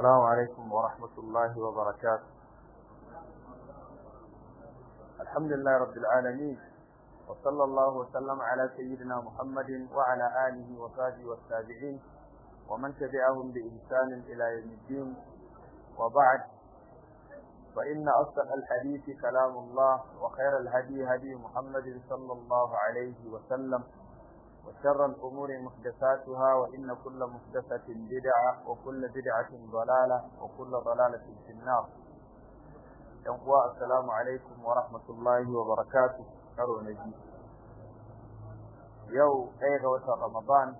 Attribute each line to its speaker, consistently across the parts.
Speaker 1: السلام عليكم ورحمة الله وبركاته الحمد لله رب العالمين وصلى الله وسلم على سيدنا محمد وعلى آله وصحبه والتابعين ومن تبعهم بإنسان إلى يوم الدين وبعد فإن أصدق الحديث كلام الله وخير الهدي هدي محمد صلى الله عليه وسلم وشر الأمور محدثاتها وإن كل محدثة بدعة وكل بدعة ضلالة وكل ضلالة في النار ينقوى السلام عليكم ورحمة الله وبركاته كرو نجي يو أيغا وسر رمضان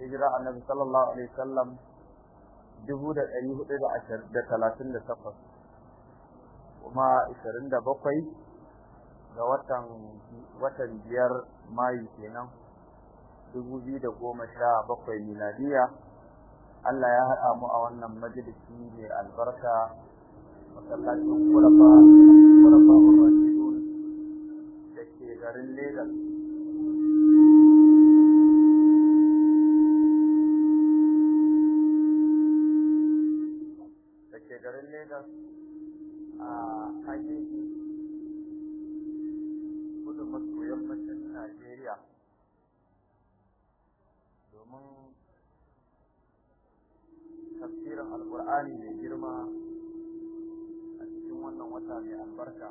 Speaker 1: هجرة النبي صلى الله عليه وسلم جهود الأيهود إلى عشر دثلاثين لسفر وما عشرين دبقي ga watan watan biyar Mayu kenan dubu biyu da goma sha 2017 miladiya Allah ya haɗa mu a wannan majalisi mai albarka masallacin Kulafa Kulafa Rashidun da ke garin Lagos da ke garin Lagos a hanyar Najeriya domin tafsirin alkur'ani mai girma a cikin wannan wata mai albarka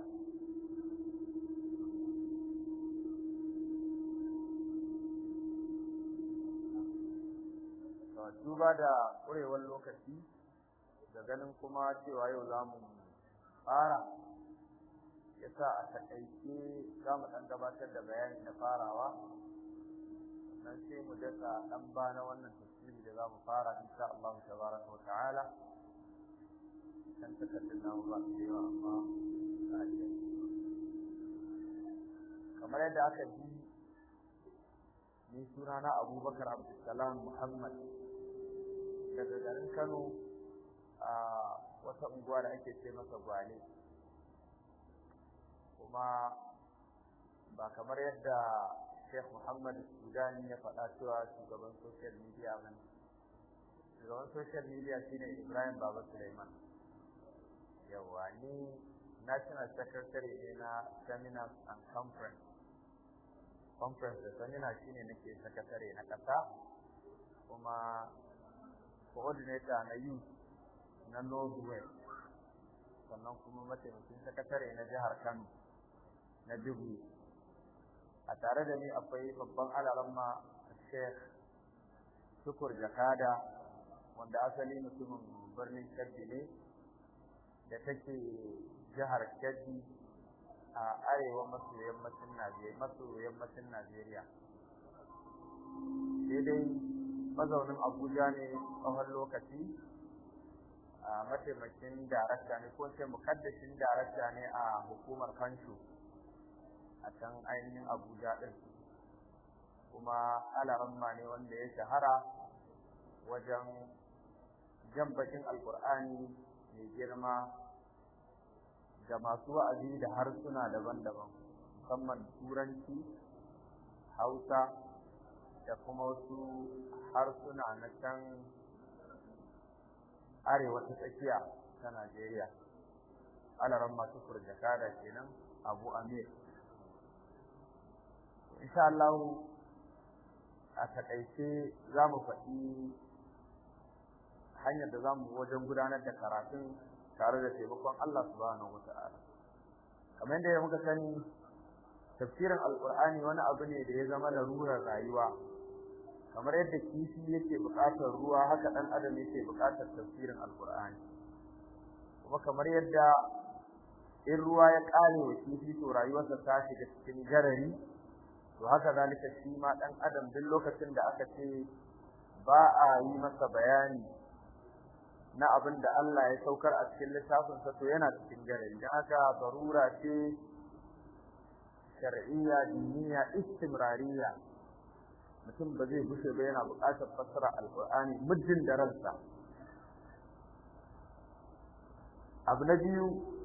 Speaker 1: duba da ƙurewar lokaci da ganin kuma cewa yau za mu fara yasa a takaice za mu ɗan gabatar da bayani na farawa nan sai mu dasa ɗan na wannan tafsiri da za mu fara insha Allah tabaraka wa ta'ala dan takardun namu ba da yawa amma kamar yadda aka ji ni na Abubakar Abdulsalam Muhammad daga garin Kano a wata unguwa da ake ce masa Gwale kuma ba kamar yadda Sheikh Muhammad Sudani ya faɗa cewa shugaban social media ban shugaban social media shine Ibrahim Baba Suleiman yawa ni national secretary ne na seminars and conference conference da seminar shine nake secretary na ƙasa kuma coordinator na youth na Northwest sannan kuma mataimakin sakatare na jihar Kano na dubu a tare da ni akwai babban a Sheikh Shukur Jakada wanda asali mutumin birnin Kebbi ne da take jihar Kebbi a arewa maso yammacin Najeriya maso sai dai mazaunin Abuja ne tsawon lokaci a mataimakin darakta ne ko sai mukaddashin darakta ne a hukumar Kanshu a can ainihin Abuja ɗin, kuma alaramma ne wanda ya shahara wajen jan bakin alkur'ani mai girma ga masu wa'azi da harsuna daban-daban musamman turanci hausa da kuma wasu harsuna na can arewa ta tsakiya ta najeriya alaramma tukur da kenan abu amir insha Allah a takaice za mu faɗi hanyar da za mu wajen gudanar da karatun tare da taimakon Allah subhanahu kamar yadda muka sani tafsirin Alƙur'ani wani abu ne da ya zama larurar rayuwa kamar yadda kifi yake buƙatar ruwa haka ɗan adam yake buƙatar tafsirin Alƙur'ani kuma kamar yadda in ruwa ya ƙare wa kifi to rayuwarsa ta shiga cikin jarari. to haka zalika shi ma dan adam duk lokacin da aka ce ba a yi masa bayani na abin da Allah ya saukar a cikin littafinsa to yana cikin garin dan haka barura ce shar'iyya diniya istimrariya mutum ba zai bushe ba yana buƙatar fassara alqur'ani muddin da ransa abu na biyu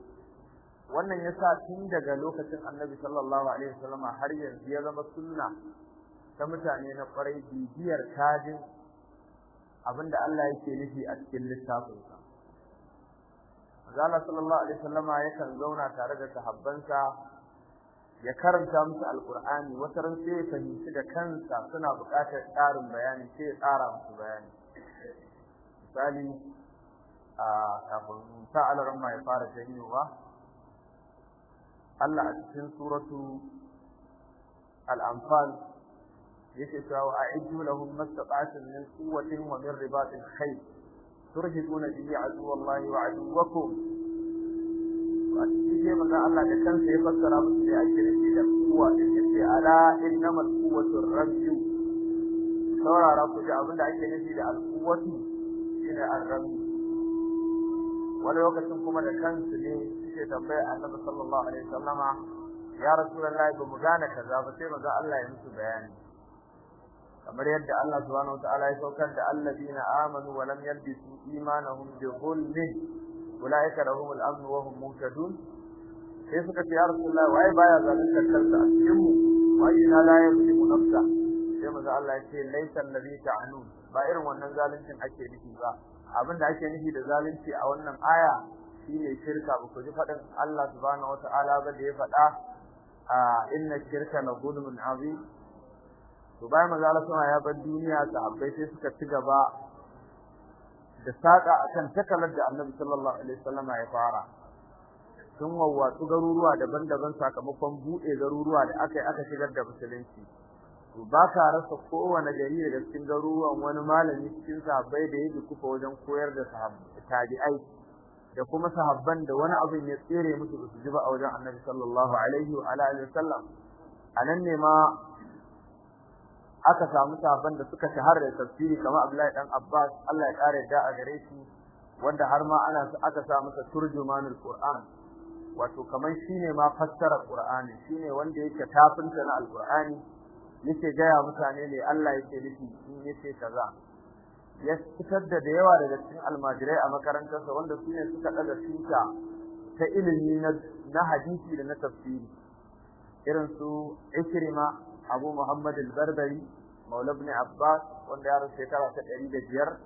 Speaker 1: wannan yasa tun daga lokacin Annabi sallallahu alaihi wasallama har yanzu ya zama sunna ta mutane na kwarai bibiyar tajin abinda Allah yake nufi a cikin littafinsa Allah sallallahu alaihi wasallama yakan zauna tare da sahabbansa ya karanta musu alqur'ani wata ran sai ya fahimci da kansa suna buƙatar ƙarin bayani sai ya tsara musu bayani misali a kafin sa'alar ma ya fara janyowa Allah a cikin suratu al-anfal yake cewa a'iddu lahum mastata'atun min quwwatin wa min ribatil khayr turhibuna bihi aduwallahi wa aduwwakum a cikin maza Allah da kansa ya fassara musu da ake nufi da kuwa da ce ala in innamal quwwatu rabbi? saurara ku ji abin da ake nufi da al-quwwatu shine an rabbu wani lokacin kuma da kansu ne suke tambaya annabi sallallahu alaihi wasallama ya rasulullahi ba mu gane kaza ba sai maza Allah ya musu bayani kamar yadda Allah subhanahu wataala ya saukar da alladina amanu wa lam yalbisu imanahum bi dhulmin ulaika lahum al-amn wa hum muhtadun sai suka ce ya rasulullahi wai baya zalunta kanta a cikin mu wai ina la yamliku nafsa sai maza Allah ya ce laysa alladhi ta'anun ba irin wannan zaluncin ake nufi ba abinda ake nufi da zalunci a wannan aya shine shirka ba ku ji fadin Allah subhanahu wataala ba da ya fada a inna shirka na zulmun azim to bayan mazala Allah ya bar duniya abai sai suka ci gaba da saka akan takalar da Annabi sallallahu alaihi wasallam ya fara sun wawwatsu garuruwa daban-daban sakamakon buɗe garuruwa da aka aka shigar da musulunci to ba ka rasa kowane gari da cikin garuruwan wani malami cikin sahabbai da yake kufa wajen koyar da sahabbai tabi'ai da kuma sahabban da wani abu ya tsere musu su ji ba a wajen Annabi sallallahu alaihi wa alihi wasallam anan ne ma aka samu sahabban da suka shahara da tafsiri kamar Abdullahi dan Abbas Allah ya kare da a gare shi wanda har ma ana aka sa masa turjumanul Qur'an wato kamar shine ma fassara Qur'ani shine wanda yake tafinta na Al-Qur'ani yake ga ya mutane ne Allah yake nufi in yake kaza ya fitar da yawa daga cikin almajirai a makarantarsa wanda su ne suka daga tuta ta ilimi na hadisi da na tafsiri irin su Ikrima Abu Muhammad al-Barbari Maula ibn Abbas wanda ya rasu shekara ta ɗari 105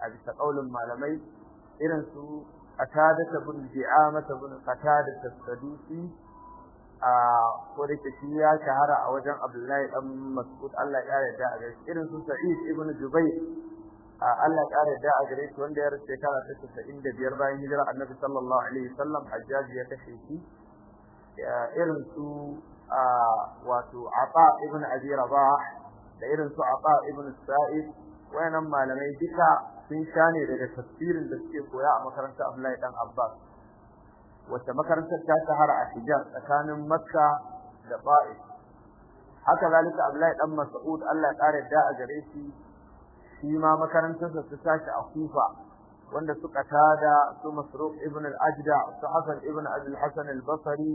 Speaker 1: a bisa kaulin malamai irin su Atada ibn Mata, ibn Atada, ta sadusi a da shi ya shahara a wajen Abdullahi dan Mas'ud Allah ya yarda a irin su Sa'id ibn Jubayr Allah ƙara da a gare shi wanda ya rasu shekara ta casa'in da biyar bayan hijira annabi sallallahu alaihi wasallam hajjaji ya kashe shi irin su wato Ata ibn Abi Rabah da irin su Ata ibn Sa'id wayannan malamai duka sun sha ne daga tafsirin da suke koya a makarantar Abdullahi dan Abbas wacce makarantar ta shahara a Hijaz tsakanin Makka da Ta'if haka zalika Abdullahi dan Mas'ud Allah ya ƙara da a gare shi shi makarantarsa ta tashi a Kufa wanda suka tada su Masruq ibn al-Ajda su Hasan ibn Abi al-Hasan al-Basri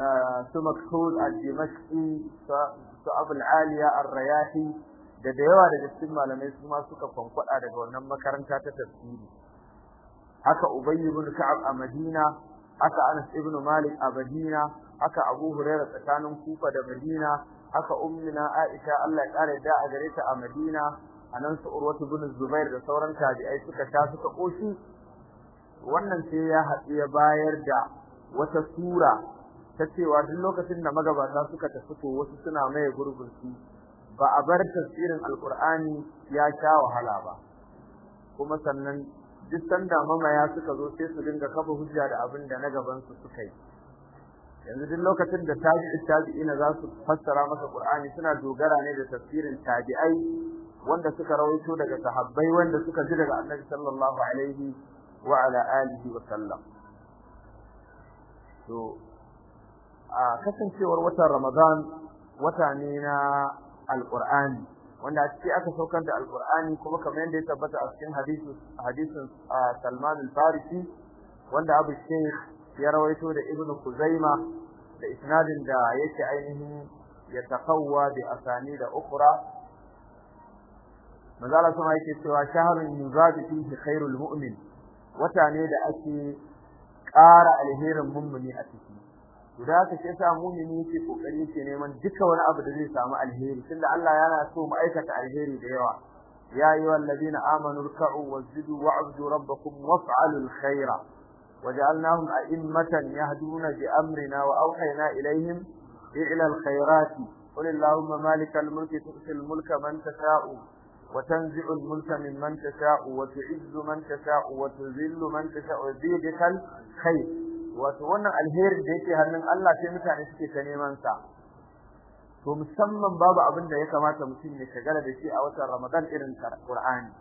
Speaker 1: eh, su Makhul al-Dimashqi su Abu al-Aliya ar-Rayahi da da yawa daga cikin malamai su ma suka kwankwada daga wannan makaranta ta tafsiri haka Ubayyu ibn Ka'ab a Madina haka Anas ibn Malik a Madina haka Abu Hurairah tsakanin Kufa da Madina haka ummina Aisha Allah ya kare da a gare ta a Madina A nan su urwatu bin zubair da sauran tabi'ai suka ta suka koshi wannan sai ya haɗu ya bayar da wata sura ta cewa duk lokacin da magabata suka tafi to wasu suna maye gurgurci ba a bar tafsirin alqur'ani ya sha wahala ba kuma sannan duk sanda mamaya suka zo sai su dinga kafa hujja da abin da na gaban su suka yi yanzu duk lokacin da tabi'i na za su fassara masa ƙur'ani, suna dogara ne da tafsirin tabi'ai wanda suka rawaito daga sahabbai wanda suka ji daga Annabi sallallahu alaihi wa ala alihi wa sallam to a kasancewar watan Ramadan wata ne na alqur'ani wanda ake aka saukar da alqur'ani kuma kamar yadda ya tabbata a cikin hadisi hadisin Salman al-Farisi wanda Abu Shaykh ya rawaito da Ibn Kuzaima da isnadin da yake ainihin ya taqawwa bi asani da ukra manzo Allah sama yake cewa shahrun yuzadu fihi khairul mu'min wata ne da ake ƙara alherin mummuni a ciki guda ka ce sa mummuni yake kokari yake neman duka wani abu da zai samu alheri tunda Allah yana so mu aikata alheri da yawa ya ayyuhal ladina amanu ruk'u wasjudu wa'budu rabbakum waf'alul khaira waj'alnahum a'immatan yahduna bi amrina wa awhayna ilayhim ila al-khairati qul allahumma malikal mulki tu'til mulka man tasha'u وتنزع الملك ممن تشاء وتعز من تشاء وتذل من تشاء بيدك الخير وتوانا الهير da yake hannun Allah sai mutane suke ka neman sa to musamman babu abin da ya kamata mutum ya shagala da shi a watan Ramadan irin Qur'ani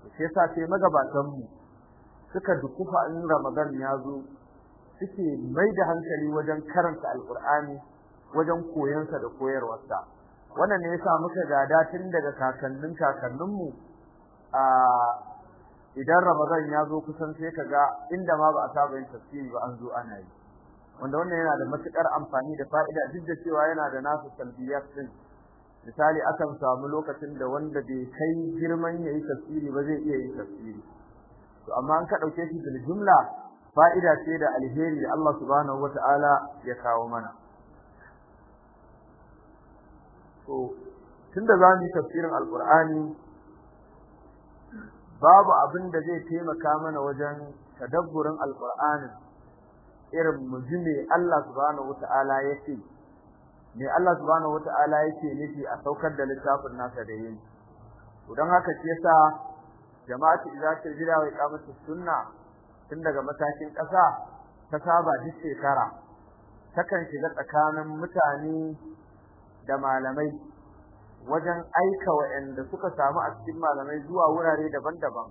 Speaker 1: sai yasa sai magabatan mu suka dukufa in Ramadan ya zo suke mai da hankali wajen karanta Alqur'ani wajen koyon da koyarwarsa wannan ne yasa muka gada tun daga kakannin kakanninmu a idan Ramadan ya zo kusan sai kaga inda ma ba a saba yin tafsiri ba an zo ana yi wanda wannan yana da matukar amfani da fa'ida duk da cewa yana da nasu salbiyat din misali akan samu lokacin da wanda bai kai girman yayi tafsiri ba zai iya yin tafsiri to amma an ka dauke shi da jumla fa'ida ce da alheri da Allah subhanahu wataala ya kawo mana so tunda za mu yi tafsirin alqur'ani babu abin da zai taimaka mana wajen tadabburin alqur'ani irin mujime Allah subhanahu wataala yake ne Allah subhanahu wataala yake nufi a saukar da littafin nasa da yin to dan haka ce yasa jama'atu idza jira wa iqamatu sunna tun daga matakin ƙasa ta saba duk shekara takan shiga tsakanin mutane da malamai wajen aika waɗanda suka samu a cikin malamai zuwa wurare daban-daban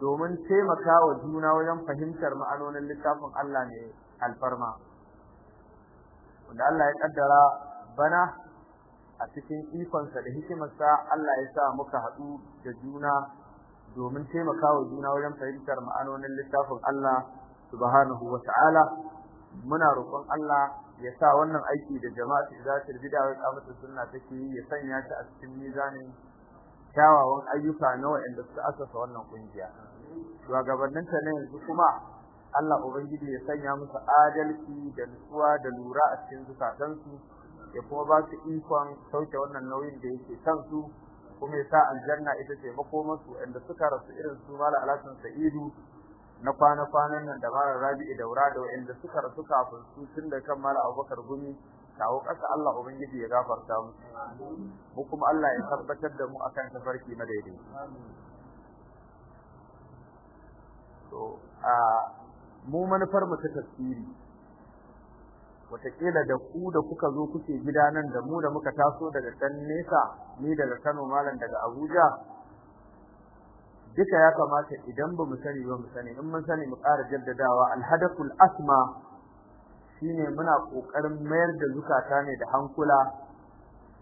Speaker 1: domin taimakawa juna wajen fahimtar ma'anonin littafin Allah ne alfarma wanda Allah ya kaddara bana a cikin ikonsa da hikimarsa Allah ya sa muka haɗu da juna domin taimakawa juna wajen fahimtar ma'anonin littafin Allah subhanahu wa ta'ala. muna roƙon Allah ya sa wannan aiki da jama'atu su bid'a wa qamatu sunna take ya sanya ta a cikin mizanin kyawawan ayyuka na wanda suka asasa wannan kungiya shugabannin ta ne yanzu kuma Allah ubangiji ya sanya musu adalci da nutsuwa da lura a cikin su ya kuma ba su ikon sauke wannan nauyin da yake kansu kuma ya sa aljanna ita ce makomansu inda suka rasu irin su mala alasan sa'idu na kwana-kwanan nan da mara rabi'i daura da wanda suka rasu kafin su tun da kan mara abubakar gumi kawo ƙasa Allah ubangiji ya gafarta mu mu kuma Allah ya tabbatar da mu akan tafarki na daidai to a mu manufar mu ta tafsiri wataƙila da ku da kuka zo kuke gida nan da mu da muka taso daga can nesa ni daga Kano malam daga Abuja duka ya kamata idan ba mu sani ba mu sani in mun sani mu ƙara jaddadawa alhadaful asma shine muna kokarin mayar da zukata ne da hankula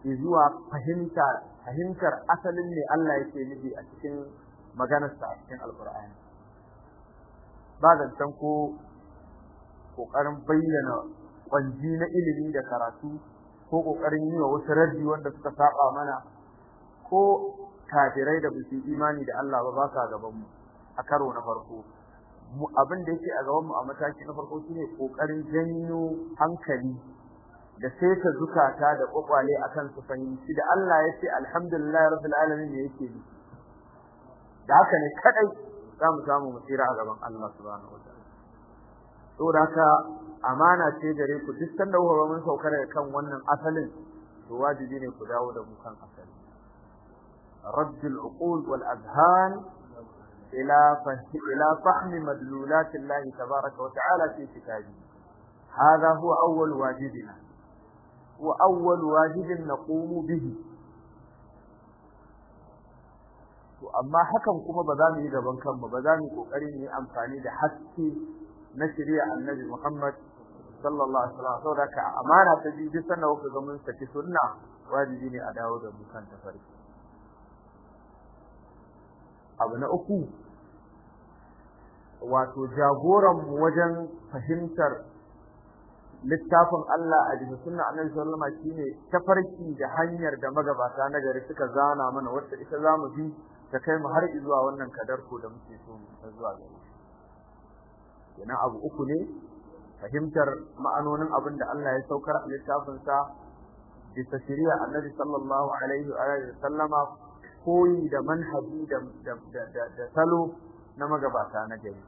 Speaker 1: zuwa fahimta fahimtar asalin ne Allah yake nufi a cikin maganar sa a cikin alqur'ani ba san ko kokarin bayyana kwanji na ilimi da karatu ko kokarin yi wa wasu raddi wanda suka saba mana ko kafirai da bisu imani da Allah ba ba ka gaban mu a karo na farko mu abin da yake a gaban mu a mataki na farko shine kokarin janyo hankali da sai ta zukata da kokwale akan su fahimci da Allah yace alhamdulillah rabbil alamin ne yake ni da haka ne kadai zamu samu musira a gaban Allah subhanahu wataala saboda haka amana ce gare ku duk sanda kuka mun saukar kan wannan asalin to wajibi ne ku dawo da mu kan asali رد العقول والأذهان إلى إلى فهم مدلولات الله تبارك وتعالى في كتابه هذا هو أول واجبنا وأول واجب نقوم به واما حكم كما بذاني جبان كم بذاني كوكريني أمثاني لحسي نشريع النبي محمد صلى الله عليه وسلم ذلك أمانة تجيب سنة وفي ضمن سنه واجبيني أداود أبو كان تفريق abu na uku wato jagoran mu wajen fahimtar littafin Allah a bisa sunna Annabi sallallahu alaihi wasallam shine tafarki da hanyar da magabata na gari suka zana mana wacce ita zamu bi ta kai mu har zuwa wannan kadar ko da muke so mu zuwa gare shi abu uku ne fahimtar ma'anonin abin da Allah ya saukar a littafin sa bisa shari'a Annabi sallallahu alaihi wa koyi da manhaji da da salo na magabata na gari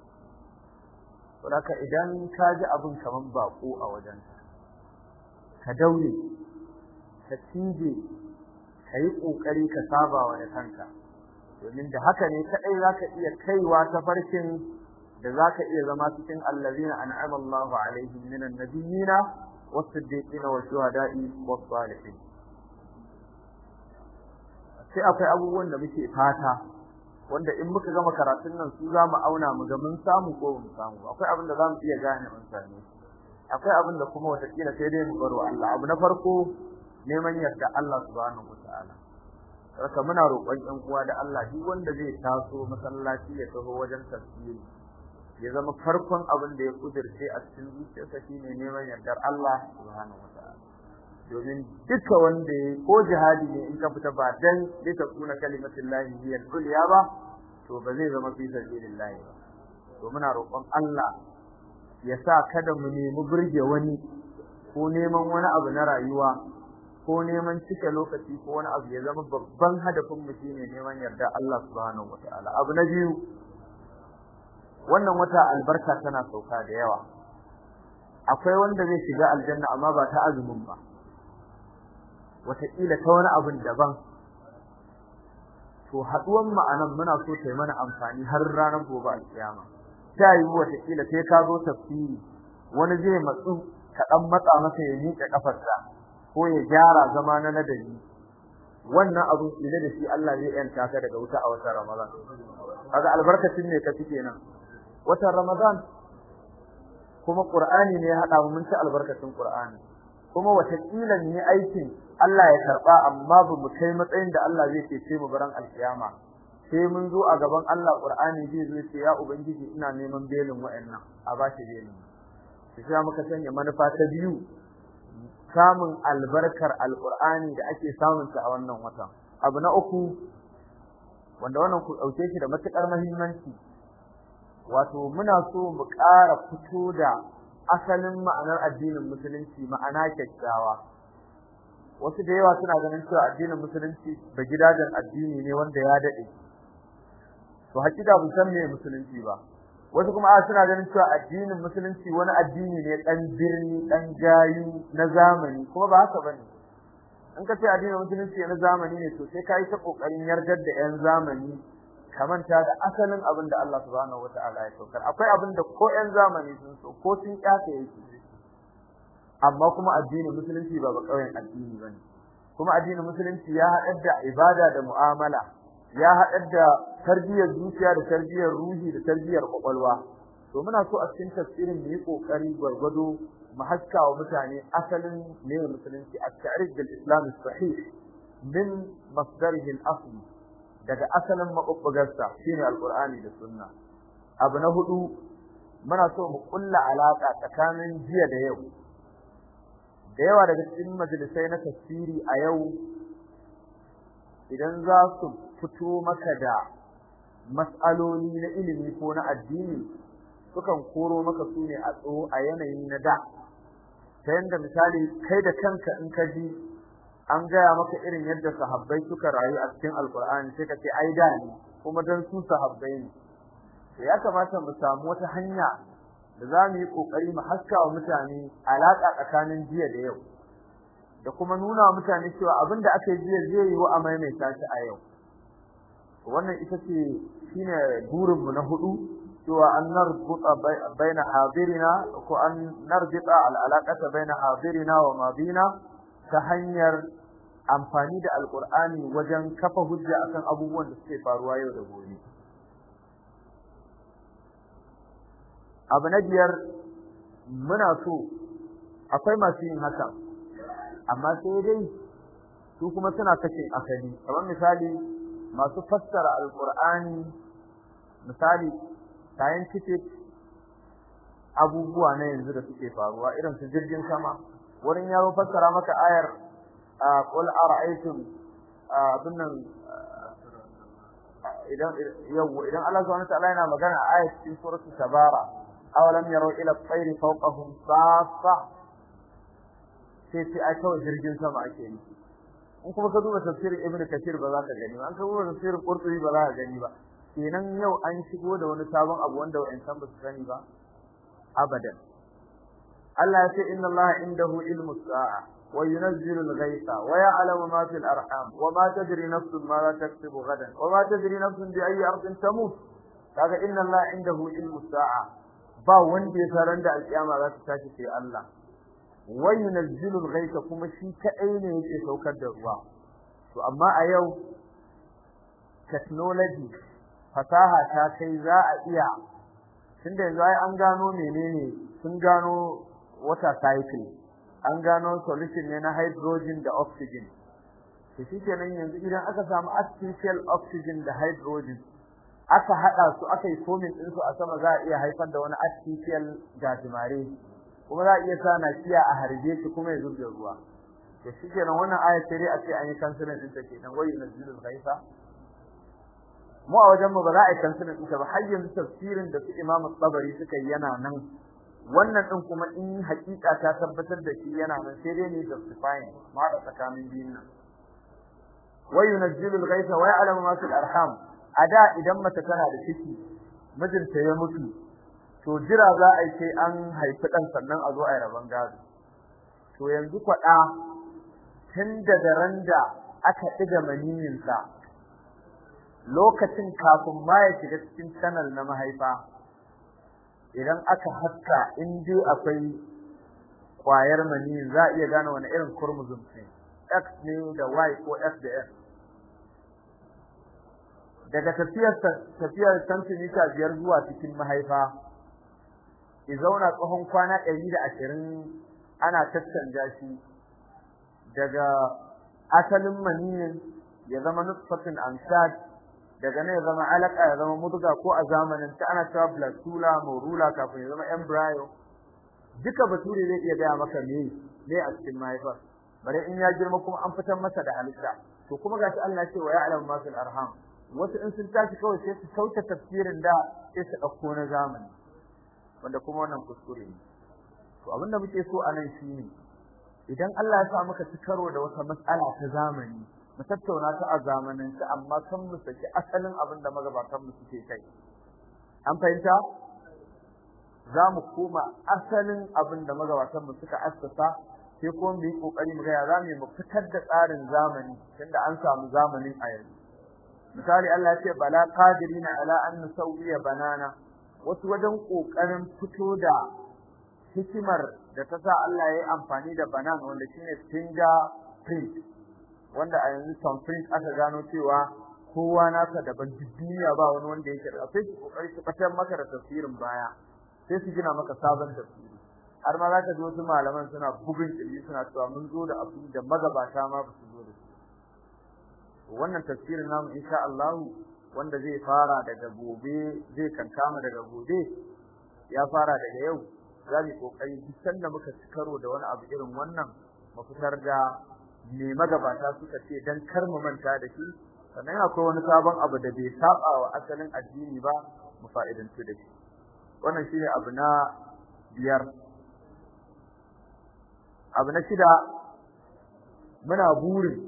Speaker 1: saboda idan ka ji abin kaman bako a wajen ka daure ka cije ka kokari ka sabawa da kanka domin da haka ne kadai zaka iya kaiwa ta farkin da zaka iya zama cikin allazina an'ama Allahu alaihim minan nabiyina wasiddiqina wa shuhadai wa salihin sai akwai abubuwan da muke fata wanda in muka gama karatun nan su zamu auna mu ga mun samu ko mun samu akwai abin da zamu iya gane mun samu akwai abin da kuma wata kila sai dai mu baro Allah abu na farko neman yarda Allah subhanahu wataala raka muna roƙon ƴan uwa da Allah duk wanda zai taso masallaci ya taho wajen tafsiri ya zama farkon abin da ya kudirce a cikin zuciyarsa shine neman yardar Allah subhanahu domin duka wanda ya ko jihadi ne in ka fita ba dan ka kuna kalimatullahi hiya al ba to ba zai zama fi sabilillahi ba to muna roƙon Allah ya sa kada mu nemi burge wani ko neman wani abu na rayuwa ko neman cike lokaci ko wani abu ya zama babban hadafin mu shine neman yarda Allah subhanahu wataala abu na biyu wannan wata albarka tana sauka da yawa akwai wanda zai shiga aljanna amma ba ta azumin ba wataƙila ta wani abin daban to haduwan ma'anan muna so ta yi mana amfani har ranar gobe a kiyama ta yi watakila sai ka zo tafsiri wani zai matsu ka dan matsa masa ya miƙe ƙafarsa ko ya gyara zama na ladabi wannan abu ile da shi Allah zai yanta ka daga wuta a watan Ramadan kaga albarkacin ne ka cike nan watan Ramadan kuma Qur'ani ne ya hada mu mun ci albarkacin Qur'ani kuma wataƙila ne aikin Allah ya karba amma ba mu kai matsayin da Allah zai cece mu baran alkiyama sai mun zo a gaban Allah Qur'ani zai zo ce ya ubangiji ina neman belin wa'annan a ba shi belin sai muka sanya manufa ta biyu samun albarkar alqur'ani da ake samun ta a wannan wata. abu na uku wanda wannan ku dauke shi da matukar muhimmanci wato muna so mu ƙara fito da asalin ma'anar addinin musulunci ma'ana kyakkyawa wasu da yawa suna ganin cewa addinin musulunci ba gidajen addini ne wanda ya dade to hakika ba san me musulunci ba wasu kuma a suna ganin cewa addinin musulunci wani addini ne dan birni dan gayu na zamani kuma ba haka bane in ka ce addinin musulunci na zamani ne to sai kai ta kokarin yardar da yan zamani kamanta da asalin abin da Allah subhanahu wataala ya saukar akwai abin da ko ƴan zamani sun so ko sun kyafe yake amma kuma addinin musulunci ba ba kawai addini bane kuma addinin musulunci ya haɗar da ibada da mu'amala ya haɗar da tarbiyyar zuciya da tarbiyyar ruhi da tarbiyyar kwakwalwa to muna so a cikin tafsirin mu kokari gwargwado mu haska wa mutane asalin ne musulunci a tarihin islam sahih min masdarihi al-asli daga asalin sa shine alqur'ani da sunna abu na hudu muna so mu kulla alaƙa tsakanin jiya da yau da yawa daga cikin majalisai na tafsiri a yau idan za su fito maka da mas'aloli na ilimi ko na addini sukan koro maka su ne a tso a yanayi na da ta yanda misali kai da kanka in ka ji an gaya maka irin yadda sahabbai suka rayu a cikin alkur'ani sai ka ce ai da ne kuma dan su sahabbai ne ya kamata mu samu wata hanya da za mu yi kokari mu haska wa mutane alaka tsakanin jiya da yau da kuma nuna wa mutane cewa abin da aka jiya zai yi wa a maimaita shi a yau wannan ita ce shine burin mu na hudu cewa an narbuta baina hadirina ko an narbita al alaqata baina hadirina wa madina ta hanyar amfani da alkur'ani wajen kafa hujja akan abubuwan da suke faruwa yau da gobe abu na biyar muna so akwai masu yin haka amma sai dai su kuma suna kashe asali kamar misali masu fassara alkur'ani misali scientific abubuwa na yanzu da suke faruwa irin su jirgin sama wurin ya fassara maka ayar qul ara'aytum abinnan idan yau idan Allah subhanahu wataala yana magana a ayat cikin suratu tabara aw lam yaru ila at-tayr fawqahum safa sai sai a kawai jirgin sama ake ni in kuma ka duba tafsirin ibn kathir ba za ka gani ba an ka duba tafsirin qurtubi ba za ka gani ba kenan yau an shigo da wani sabon abu wanda san ba su sani ba abadan Allah ya ce inna Allah indahu ilmu sa'a وينزل الغيث ويعلم ما في الأرحام وما تدري نفس ماذا تكسب غدا وما تدري نفس بأي أرض تموت kaga inna Allah indahu ilmu sa'a ba wanda ya saran da alkiyama za ta tashi sai Allah wayunazzilu al-ghaytha kuma shi kadai ne yake saukar da ruwa to amma a yau technology fasaha ta kai za a iya tunda yanzu ai an gano menene sun gano water cycle an gano solution ne na hydrogen da oxygen to nan yanzu idan aka samu artificial oxygen da hydrogen aka hada su aka yi forming din su a sama za a iya haifar da wani artificial gajimare kuma za a iya sana kiya a harbe shi kuma ya zubda ruwa to nan wannan aya sai a ce an yi cancelling din ta kenan wai nazilul ghaifa mu a wajen mu ba za a yi cancelling din ta ba har yanzu tafsirin da su Imam Tabari suka yi yana nan wannan din kuma in hakika ta tabbatar da shi yana nan sai dai ne justifying ma da tsakanin biyun nan wa yunzilu al-ghaytha wa ya'lamu ma fil arham ada idan mace tana da ciki mijinta ya mutu to jira za a yi sai an haifi dan sannan a zo a yi raban gado to yanzu kwada tun daga randa aka diga maniyinsa lokacin kafin ma ya shiga cikin channel na mahaifa idan aka haska in dai akwai kwayar mani za a iya gane wani irin kurmuzum ne X ne da Y ko X da X daga tafiyar santimita biyar zuwa cikin mahaifa i zauna tsohon kwana ashirin ana tattanja shi daga asalin maniyin ya zama nutfatun ansad daga nan zama alaka ya zama mutuga ko a zamanin ta ana cewa blastula morula kafin ya zama embryo duka bature zai iya gaya maka me ne a cikin mahaifa bare in ya girma kuma an fitar masa da halitta to kuma gashi Allah ce wa ya ma fil arham wasu in sun tashi kawai sai su kauce tafsirin da sai su dauko na zamani wanda kuma wannan kuskure ne to da muke so anan shine idan Allah ya sa maka cikaro da wata matsala ta zamani mu tattauna ta a zamanin ta amma sun mu saki asalin abin da magabatan mu suke kai an fahimta za mu koma asalin abin da magabatan mu suka assasa sai ko mu yi kokari mu ga ya za mu fitar da tsarin zamani tunda an samu zamanin a yanzu misali Allah ya ce bala qadirina ala an nusawiya banana wasu wajen kokarin fito da hikimar da ta sa Allah ya yi amfani da banana wanda shine finger print wanda a yanzu complete aka gano cewa kowa nasa daban duniya ba wani wanda yake da sai su kokari su fitar maka da tafsirin baya sai su gina maka sabon tafsiri har ma zaka ji wasu malaman suna bugun kirji suna cewa mun zo da abin da magabata ma ba su zo da shi wannan tafsirin namu insha Allah wanda zai fara daga gobe zai kankama daga gobe ya fara daga yau zai kokari duk sanda muka ci da wani abu irin wannan mu fitar da me magabata suka ce dan kar mu manta da shi sannan akwai wani sabon abu da bai saba wa asalin addini ba mu fa'idantu da shi wannan shine abu na biyar abu na shida muna burin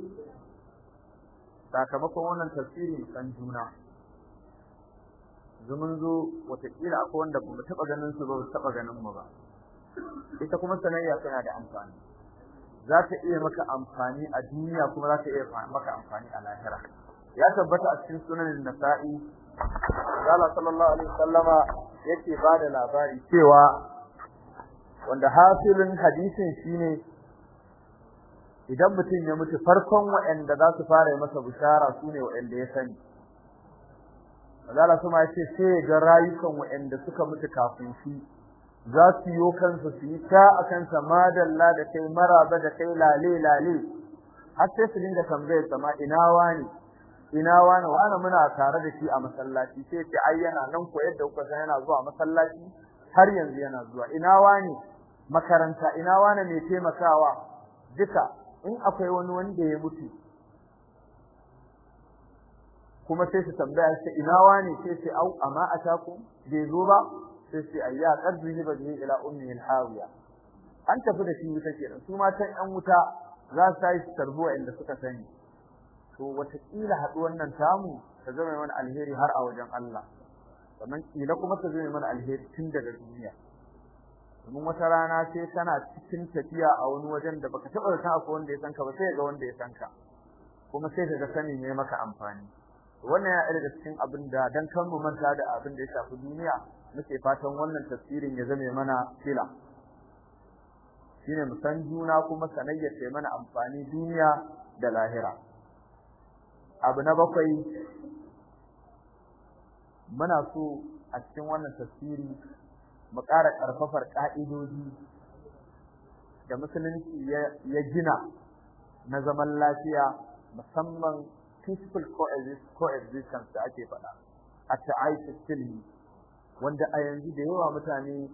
Speaker 1: sakamakon wannan tafsirin san juna zaman zo watakila akwai wanda ba mu taɓa ganin su ba ba taɓa ganin mu ba ita kuma sanayya tana da amfani za ta iya maka amfani a duniya kuma za ta iya maka amfani a lahira ya tabbata a cikin sunan nasa'i Allah sallallahu alaihi wasallama yake bada labari cewa wanda hasilin hadisin shine idan mutum ya mutu farkon waɗanda za su fara masa bishara sune waɗanda ya sani Allah ya yace sai ga rayukan waɗanda suka mutu kafin shi za su yi kansu su yi ta a kansa madalla da kai maraba da kai lale lale har sai su dinga tambayar sama ina wani ina wani wani muna tare da shi a masallaci sai ce ai yana nan ko yadda kuka san yana zuwa masallaci har yanzu yana zuwa ina wani makaranta ina wani mai taimakawa duka in akwai wani wanda ya mutu kuma sai su tambaya sai ina wani sai ce au amma a ataku bai zo ba sai sai ayya qad zuhiba bihi ila ummihi al-hawiya an tafi da shi wuta da su ma matan yan wuta za su su tarbuwa inda suka sani to wata kila hadu nan tamu ta zama mana alheri har a wajen Allah sannan kila kuma ta zama mana alheri tun daga duniya domin wata rana sai tana cikin tafiya a wani wajen da baka taba san ko wanda ya san ka ba sai ga wanda ya san kuma sai ka sani ne maka amfani wannan ya daga cikin abin da dan kan mu manta da abin da ya shafi duniya muke fatan wannan tafsirin ya zame mana sila shine mu san juna kuma sanayyar ta mana amfani duniya da lahira abu na bakwai muna so a cikin wannan tafsiri mu ƙara ƙarfafar ƙa'idodi da musulunci ya gina na zaman lafiya musamman peaceful coexistence da ake faɗa a ta'aishin silmi wanda a yanzu da yawa mutane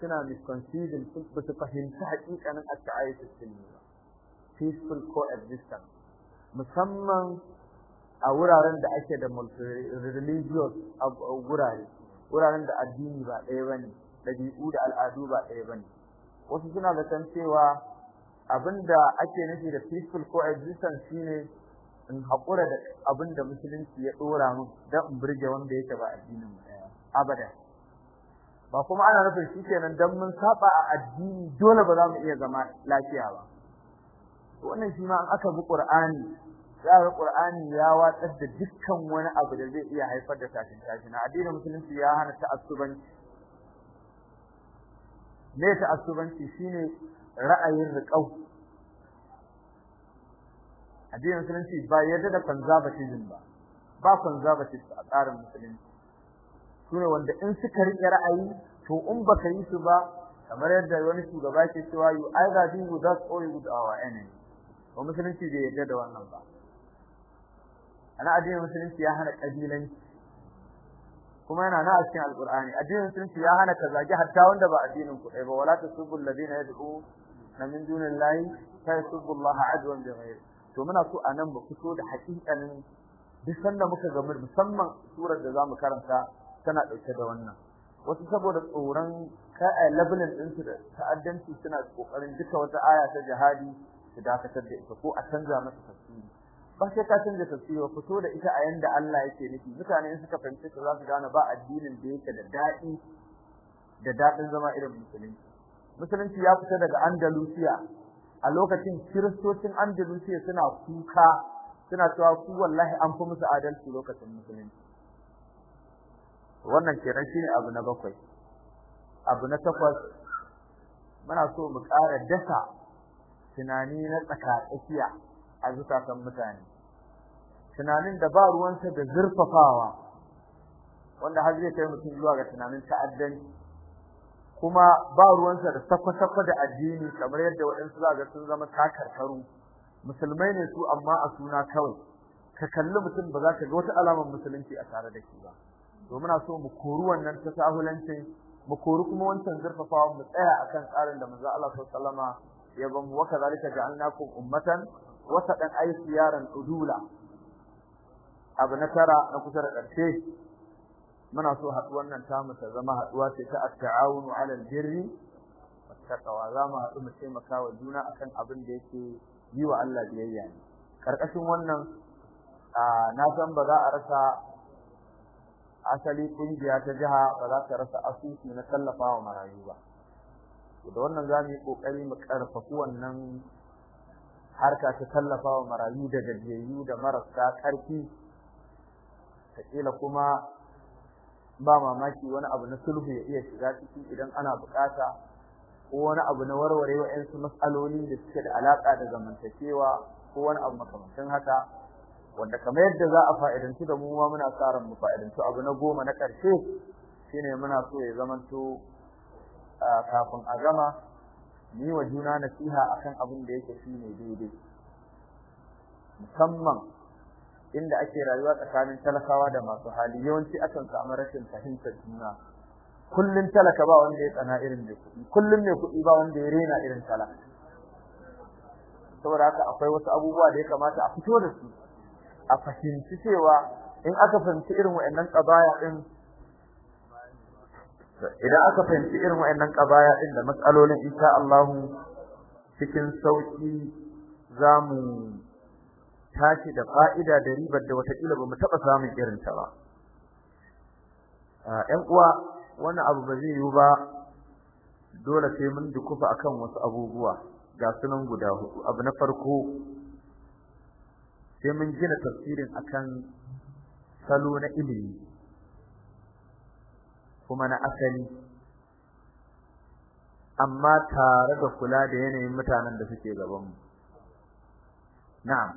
Speaker 1: suna misconceiving sun ba su fahimci hakikanin at-ta'ayyush sunni ba peaceful coexistence musamman a wuraren da ake da religious wurare wuraren da addini ba ɗaya bane ɗabi'u da al'adu ba ɗaya bane wasu suna da san cewa abinda ake nufi da peaceful coexistence shine in haƙura da abinda musulunci ya ɗora mu don in burge wanda yake ba addinin mu abada ba kuma ana nufin shikenan dan mun saba a addini dole ba za mu iya zama lafiya ba wannan shi ma an aka bi Qur'ani zaka Qur'ani ya watsar da dukkan wani abu da zai iya haifar da tashin tashin addinin musulunci ya hana ta'assubanci ne ta'assubanci shine ra'ayin riqau addinin musulunci ba yadda da conservatism ba ba conservatism a tsarin musulunci sune wanda in suka riƙe ra'ayi to in baka yi su ba kamar yadda wani shugaba ke cewa you either do with us or you with our enemy ko musulunci bai yarda da wannan ba ana addinin musulunci ya hana kabilanci kuma yana na a cikin alqur'ani addinin musulunci ya hana kazage hatta wanda ba addinin ku dai ba wala tasubbu alladhina yad'u min dunillahi fa yasubbu allaha adwan bighayri to muna so anan ba fito da hakikanin duk sanda muka ga musamman surar da zamu karanta tana dauke da wannan wasu saboda tsoron kai labelin din su da ta'addanci suna kokarin duka wata aya ta jihadi su dakatar da ita ko a canza mata tafsiri ba sai ka canza tafsiri to da ita a yanda Allah yake nufi mutane in suka fahimci ta za su gane ba addinin da yake da dadi da dadin zama irin musulunci musulunci ya fita daga andalusia a lokacin kiristocin andalusia suna kuka suna cewa ku wallahi an fi musu adalci lokacin musulunci wannan kenan shine abu na bakwai abu na takwas muna so mu ƙara dasa tunani na tsakatsakiya a zukatan mutane tunanin da ba ruwansa da zurfafawa wanda har zai kai mutum zuwa ga tunanin ta'addanci kuma ba ruwansa da sakwa da addini kamar yadda waɗansu za ga sun zama takarkaru musulmai ne su amma a suna kawai ka kalli mutum ba za ka ga wata alamar musulunci a tare da shi ba to muna so mu kori wannan ta tasahulancin mu kori kuma wancan zurfafawa mu tsaya akan tsarin da manzo Allah sallallahu alaihi ya ban wa kadalika ja'alnakum ummatan wasatan ay siyaran udula abu na tara na kusa da karshe muna so haɗu wannan ta mu ta zama haɗuwa ce ta at-ta'awun 'ala al-birri wa taqwa za mu haɗu mu taimaka wa juna akan abin da yake yi wa Allah biyayya karkashin wannan a na san ba za a rasa asali kungiya ta jiha ba za ta rasa asusu na tallafawa marayu ba da wannan za mu yi kokari mu karfafa wannan harka ta tallafawa marayu da gajiyayyu da marasa karfi kila kuma ba mamaki wani abu na sulhu ya iya shiga ciki idan ana bukata ko wani abu na warware wayansu matsaloli da suke da alaka da zamantakewa ko wani abu makamancin haka wanda kamar yadda za a fa'idanci da mu ma muna karan mu fa'idanci abu na goma na ƙarshe shine muna so ya zamanto kafin a gama ni wa juna nasiha akan abin da yake shine daidai musamman inda ake rayuwa tsakanin talakawa da masu hali yawanci akan samu rashin fahimtar juna kullun talaka ba wanda ya tsana irin da kuɗi kullun ne kuɗi ba wanda ya rena irin talaka saboda haka akwai wasu abubuwa da ya kamata a fito da su a fahimci cewa in aka fahimci irin wayannan qadaya din idan aka fahimci irin wayannan qadaya din da matsalolin insha Allah cikin sauki zamu tashi da fa'ida da ribar da watakila bamu taba samun irin ta ba ɗan ah, uwa wannan abu ba zai yi ba dole sai mun dukufa akan wasu abubuwa ga sunan guda hudu abu na farko sai mun gina tafsirin akan salo na ilimi kuma na asali amma tare da kula da yanayin mutanen da suke gaban mu na'am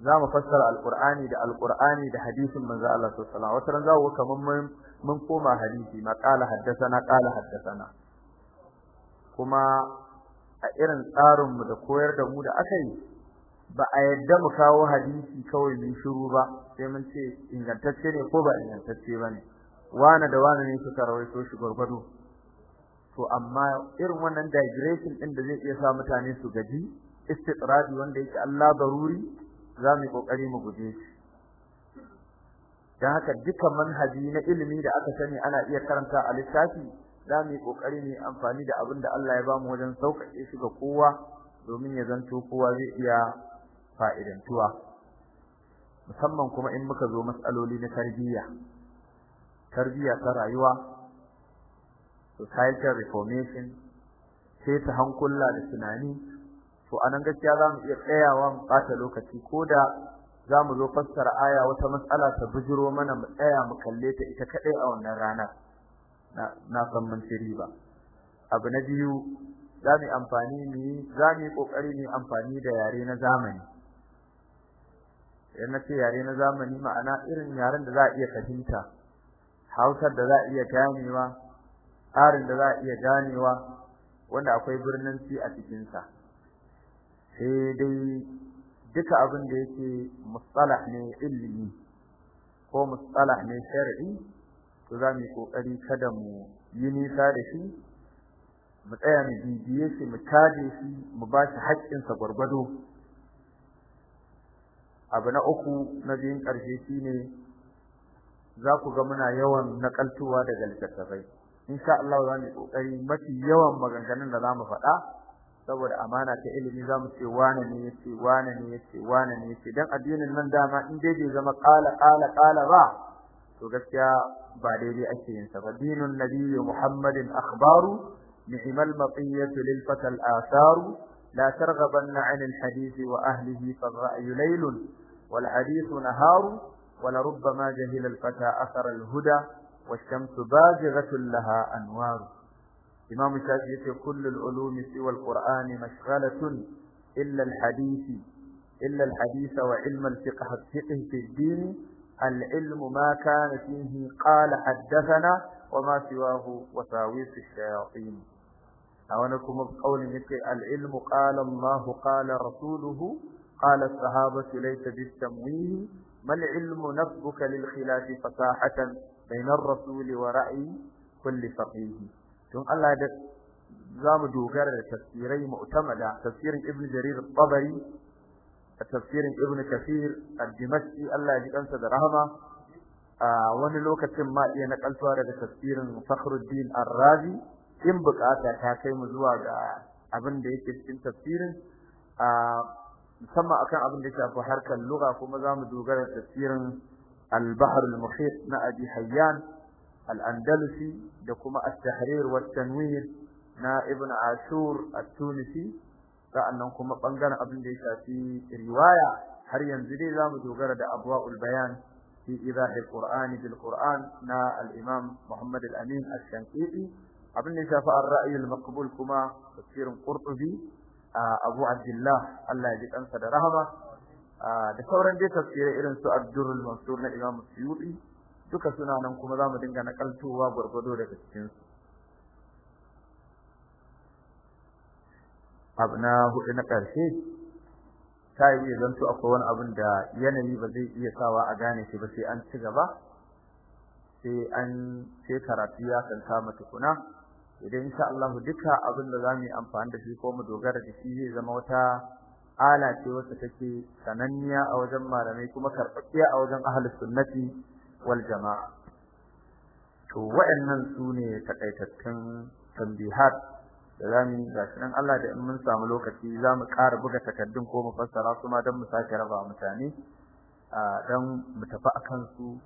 Speaker 1: za mu fassara alqur'ani da alqur'ani da hadisin manzo Allah sallallahu alaihi wasallam wataran zawo kaman mun koma hadisi ma qala haddathana qala haddathana kuma a irin tsarin mu da koyar da mu da akai ba a yadda mu kawo hadisi kawai bin shiru ba sai mun ce ingantacce ne ko ba ingantacce bane wana da wana ne suka rawaito shi gurgudu to amma irin wannan digression din da zai iya sa mutane su gaji istitradi wanda yake Allah baruri, za mu kokari mu guje shi dan haka duka manhaji na ilimi da aka sani ana iya karanta a littafi za mu kokari ne amfani da abin da Allah ya bamu wajen sauƙaƙe shi ga kowa domin ya zanto kowa zai iya fa'idantuwa musamman kuma in muka zo matsaloli na tarbiyya tarbiyya ta rayuwa societal reformation sai ta hankula da tunani to anan gaskiya za mu iya tsayawa mu bata lokaci ko koda mu zo fassara aya wata matsala ta bujiro mana mu tsaya mu kalle ta ita kadai a wannan ranar na san mun riba abu na biyu yi amfani ni ƙoƙari kokari amfani da yare na zamani yana ce yare na zamani ma'ana irin yaren da za a iya fahimta Hausar da za a iya ganewa tsarin da za a iya ganewa wanda akwai birnin si a cikin sa sai dai duka abin da yake mustalah ne ilmi ko mustalah ne shar'i to za mu kokari kada mu yi nisa da shi mu tsaya mu bibiye shi mu tade shi mu ba shi haƙƙinsa gwargwado abu na uku na ƙarshe karshe shine za ku ga muna yawan nakaltuwa daga littattafai insha Allah za mu kokari mafi yawan maganganun da za mu faɗa saboda amana ta ilimi za mu ce wane ne yace wane ne yace wane ne yace dan addinin nan dama in dai bai zama ƙala ƙala ƙala ba to gaskiya ba daidai ake yin sa ba dinun nabiyyi muhammadin akhbaru ni'mal maqiyatu lil fatal Asaru. لا ترغبن عن الحديث وأهله فالرأي ليل والحديث نهار ولربما جهل الفتى أثر الهدى والشمس بازغة لها أنوار إمام الشافعي كل العلوم سوى القرآن مشغلة إلا الحديث إلا الحديث وعلم الفقه الفقه في الدين العلم ما كان فيه قال حدثنا وما سواه وساويس الشياطين أولا كم القول العلم قال الله قال رسوله قال الصحابة ليس بالتمويه ما العلم نفسك للخلاف فتاحة بين الرسول ورأي كل فقيه ثم قال هذا زام دوغر تفسيري مؤتمدة تفسير ابن جرير الطبري تفسير ابن كثير الدمشقي الله يجب أن تدرهما آه، وانا لو ما ينقلت إيه هذا تفسير فخر الدين الرازي in bukata ta kai mu zuwa ga abin da yake cikin tafsirin a musamman akan abin da ya shafi harkar lugha kuma zamu dogara tafsirin al-bahr al-muhit na abi hayyan al-andalusi da kuma at-tahrir wa tanwir na ibn ashur at-tunisi sa'annan kuma bangaren abin da ya shafi riwaya har yanzu dai zamu dogara da abwaul bayan fi idah qurani bil-qur'an na al-imam muhammad al-amin al abin da ya shafi ar al maqbul kuma tafsirin qurtubi abu abdullah Allah ya ji kansa da rahama da sauran dai tafsirai irin su ad-durrul mansur na imam suyuti duka suna nan kuma zamu dinga nakaltowa gurgudo daga cikin su abna hudu na karshe sai zan to akwai wani abin da yanayi ba zai iya sawa a gane shi ba sai an ci gaba sai an sai karatu ya kanta mata kuna idan insha Allah duka abin da zamu yi amfani da shi ko mu dogara da shi zai zama wata ala ce wacce take sananniya a wajen malamai kuma karfafiya a wajen ahlus sunnati wal jamaa to sune takaitattun tambihat da zamu yi gashi dan Allah da in mun samu lokaci zamu ƙara buga takaddun ko mu fassara su ma dan mu sake raba mutane dan mu tafi akan su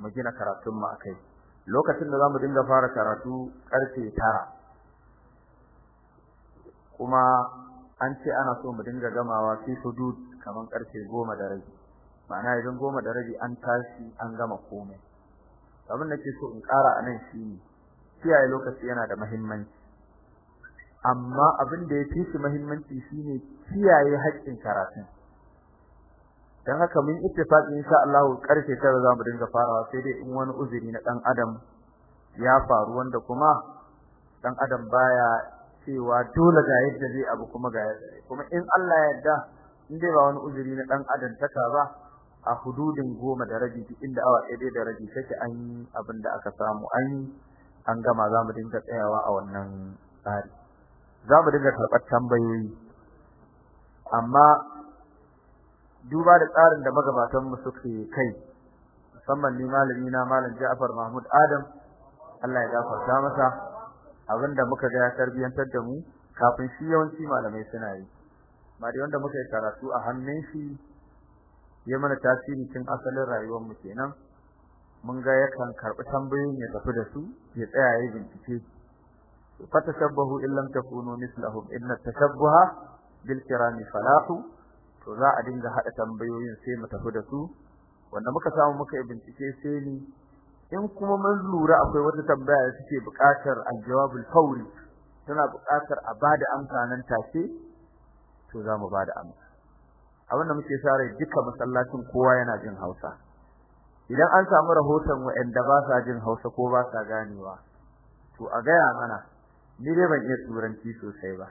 Speaker 1: mu gina karatun mu akai lokacin da za mu dinga fara karatu karfe tara. kuma an ce ana so mu dinga gamawa sai hudud kaman karfe goma da rabi ma'ana idan goma da rabi an tashi an gama komai abin da ke so in ƙara anan shine kiyaye lokaci yana da muhimmanci amma abin da ya fi shi muhimmanci shine kiyaye haƙƙin karatun dan haka mun ittifaqi insha Allah karfe 9 zamu dinga farawa sai dai in wani uzuri na dan adam ya faru wanda kuma dan adam baya cewa dole ga yadda zai abu kuma ga kuma in Allah ya yarda in dai ba wani uzuri na dan adam ta ba a hududin goma da rabi inda awa ɗaya da rabi take an abin da aka samu an an gama zamu dinga tsayawa a wannan tsari zamu dinga karɓar tambayoyi amma duba da tsarin da magabatan mu suke kai musamman ni malami na malam Ja'far Mahmud Adam Allah ya gafarta masa abinda muka ga ya tarbiyantar da mu kafin shi yawanci malamai suna yi ba wanda muka yi karatu a hannun shi ya mana tasiri tun asalin rayuwar mu kenan mun ga yakan karbi tambayoyin ya tafi da su ya tsaya ya bincike fatashabbahu illam takunu mislahum inna tashabbaha bil kirami falahu to za a dinga hada tambayoyin sai mu tafi da su wanda muka samu muka bincike sai ni in kuma mun lura akwai wata tambaya da take buƙatar aljawabul fauri tana buƙatar a bada amsa nan take to za mu bada amsa A abinda muke sare duka masallacin kowa yana jin Hausa idan an samu rahoton waɗanda ba sa jin Hausa ko ba sa ganewa to a gaya mana ni dai ban iya turanci sosai ba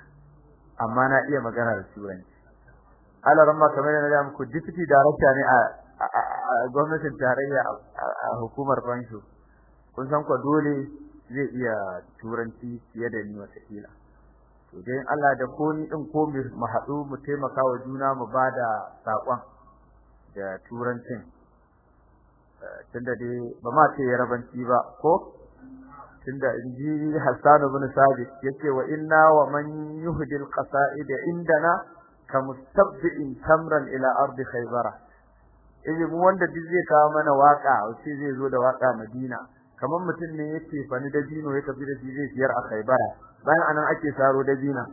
Speaker 1: amma na iya magana da turanci ala ramma kamar yana da muku deputy director ne a gwamnatin tarayya a hukumar fansho kun san ko dole zai iya turanci fiye da ni wata kila to dai Allah da ko ni din ko mu haɗu mu taimaka wa juna mu bada sakon da turancin eh, tunda dai ba ma ce yarabanci ba ko tunda inji Hassan ibn Sabit yake wa inna wa man yuhdil qasaida indana kamustabbi'in tamran ila ardi khaybara idan mu wanda duk zai kawo mana waka sai zai zo da waka Madina kamar mutum ne yake fani da dino ya tafi da zai ziyar a Khaybara bayan anan ake saro da dina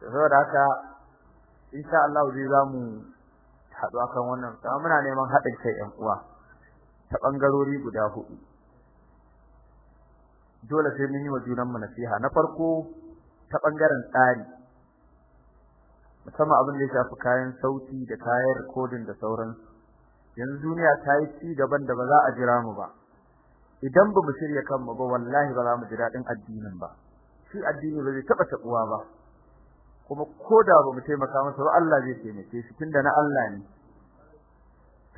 Speaker 1: saboda haka insha Allah zai zamu haɗu akan wannan kuma muna neman haɗin kai ƴan uwa ta bangarori guda hudu dole sai mun yi wa junanmu nasiha na farko ta bangaren tsari musamman abin da ya shafi kayan sauti da kayan recording da sauransu yanzu duniya ta yi ci gaban da ba za a jira mu ba idan ba mu shirya kanmu ba wallahi ba za mu ji din addinin ba shi addini ba zai taba tabuwa ba kuma koda ba mu taimaka masa ba Allah zai taimake shi tunda na Allah ne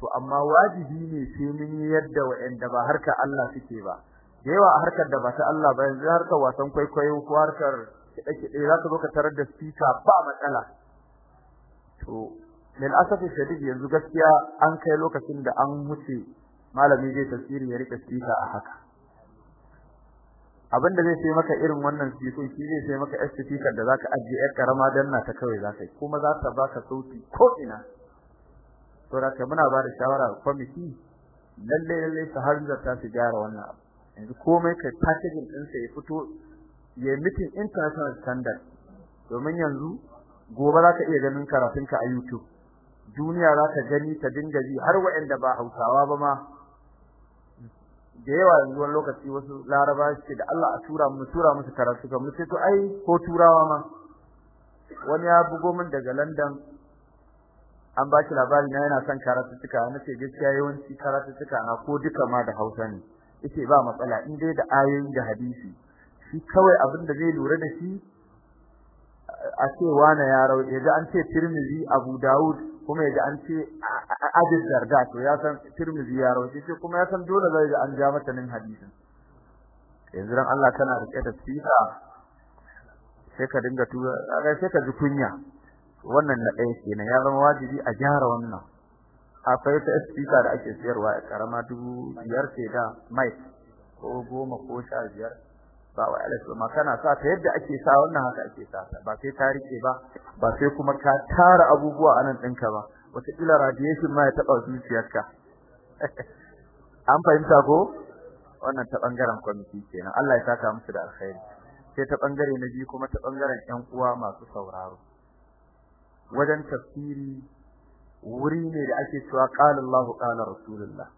Speaker 1: to amma wajibi ne sai mun yi yadda wa'anda ba harka Allah suke ba da yawa a harkar da ba ta Allah ba yanzu harkar wasan kwaikwayo ko harkar kiɗe kiɗe za ka zo ka tarar da speaker ba matsala to lil asafi shadid yanzu gaskiya an kai lokacin da an huce malami zai tasiri ya rika sika a haka abinda zai sai maka irin wannan sikon shi zai sai maka sticker da zaka ajiye yar karama danna ta kawai zaka yi kuma za ta baka sauti ko ina to da muna ba da shawara committee lalle lalle su ta fi gyara wannan abu yanzu komai kai packaging din sa ya fito ya meeting international standard domin yanzu gobe za ka iya ganin karatun karatunka a YouTube duniya za ta gani ta dinga ji har waɗanda ba Hausawa ba ma da yawa yanzu wani lokaci wasu Laraba suke da Allah a tura mu tura musu karatu kamar sai to ai ko turawa ma wani ya bugo min daga London an baki labari na yana son karatuttuka nace gaskiya yawanci tuka na ko duka ma da Hausa ne yace ba matsala in dai da ayoyi da hadisi shi kawai abin da zai lura da shi a ce wani ya rawi yaji an ce Tirmidhi Abu Dawud kuma yaji an ce Abu Darda to ya san Tirmidhi ya rawi sai kuma ya san dole zai ga an ja mata nan hadisin yanzu ran Allah kana rike da sika sai ka dinga tura sai ka ji kunya wannan na ɗaya kenan ya zama wajibi a gyara wannan akwai ta speaker da ake sayarwa karama dubu biyar ce da mai ko goma ko sha biyar sawa alaihi kana sa ta yadda ake sa wannan haka ake sa ta ba sai ta rike ba ba sai kuma ka tara abubuwa a nan ɗinka ba wata kila radiation ma ya taba zuciyarka an fahimta ko wannan ta bangaren committee kenan Allah ya saka musu da alkhairi sai ta bangare na biyu kuma ta bangaren 'yan uwa masu sauraro wajen tafsiri wuri ne da ake cewa qala Allahu qala rasulullah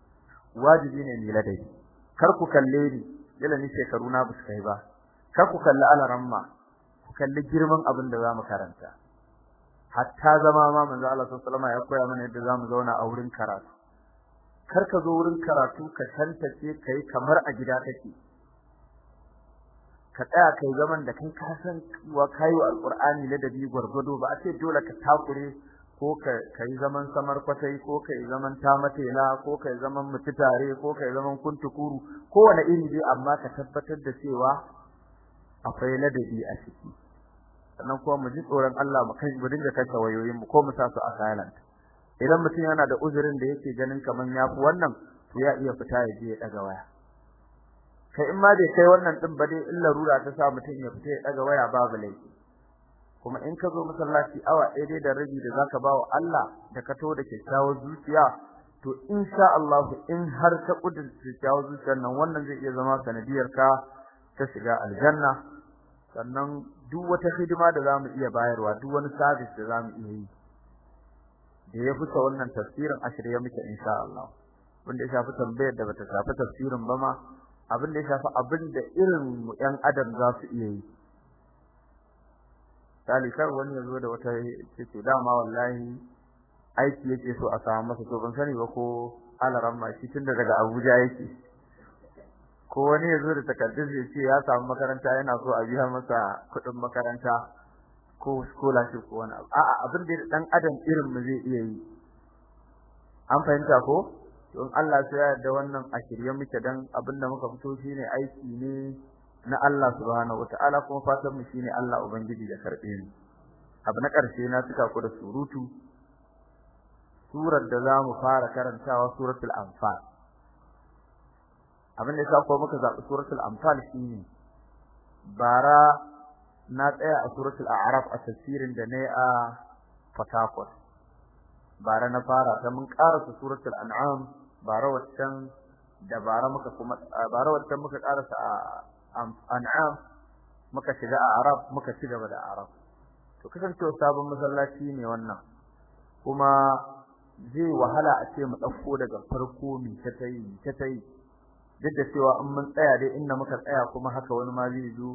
Speaker 1: wajibi ne ni ladabi kar ku kalle ni dole ne shekaru na ba su kai ba ka ku kalli alaramma ku kalli girman abin da za mu karanta hatta zama ma manzo Allah sallallahu alaihi ya koya mana yadda za mu zauna a wurin karatu kar ka zo wurin karatu ka tantace kai kamar a gida kake ka tsaya kai zaman da kai ka san wa kayo alqur'ani ladabi gurgudu ba a ce dole ka takure ko ka kai zaman samar kwatai ko ka yi zaman tamatela ko ka yi zaman tare, ko ka yi zaman kuntukuru wani iri dai amma ka tabbatar da cewa akwai ladabi a ciki sannan kuma mu ji tsoron Allah mu kai mu dinga kanta wayoyin mu ko mu sa su a silent idan mutum yana da uzurin da yake ganin kaman fi wannan to ya iya fita ya je ya daga waya kai in ma bai kai wannan din ba dai illa rura ta sa mutum ya fita ya daga waya babu laifi kuma in ka zo masallaci awa ɗaya da rabi da zaka bawa Allah da ka to da kyakkyawar zuciya to insha Allah in har ta kudin kyakkyawar zuciyar nan wannan zai iya zama sanadiyar ka ta shiga aljanna sannan duk wata hidima da zamu iya bayarwa duk wani service da zamu iya yi da ya fita wannan tafsirin ashirin ya muke insha Allah wanda ya shafi tambayar da bata shafi tafsirin ba ma abin da ya shafi abin da irin mu ɗan adam za su iya yi misali kar wani ya da wata ce to dama wallahi aiki yake so a samu masa to ban sani ba ko alaran ma shi tunda daga Abuja yake ko wani ya da takardar zai ce ya samu makaranta yana so a biya masa kuɗin makaranta ko scholarship ko wani abu a'a abin da dan adam irin mu zai iya yi an fahimta ko don Allah sai ya yarda wannan a shirye muke dan abinda muka fito shine aiki ne na Allah subhanahu wataala kuma fatan mu shine Allah ubangiji ya karbe mu abu na karshe na tuka ku da surutu surar da zamu fara karantawa suratul anfal abin da yasa ko muka zabi suratul anfal shine bara na tsaya a suratul a'raf a tafsirin da ne a fatakot bara na fara ta mun karasa suratul an'am bara wacce da muka kuma bara wacce muka karasa a an'am muka shiga a'rab muka ci gaba da a'rab to kasancewa sabon masallaci ne wannan kuma zai wahala a ce mu dauko daga farko mi ta tayi mi ta tayi duk da cewa in mun tsaya dai inda muka tsaya kuma haka wani ma zai zo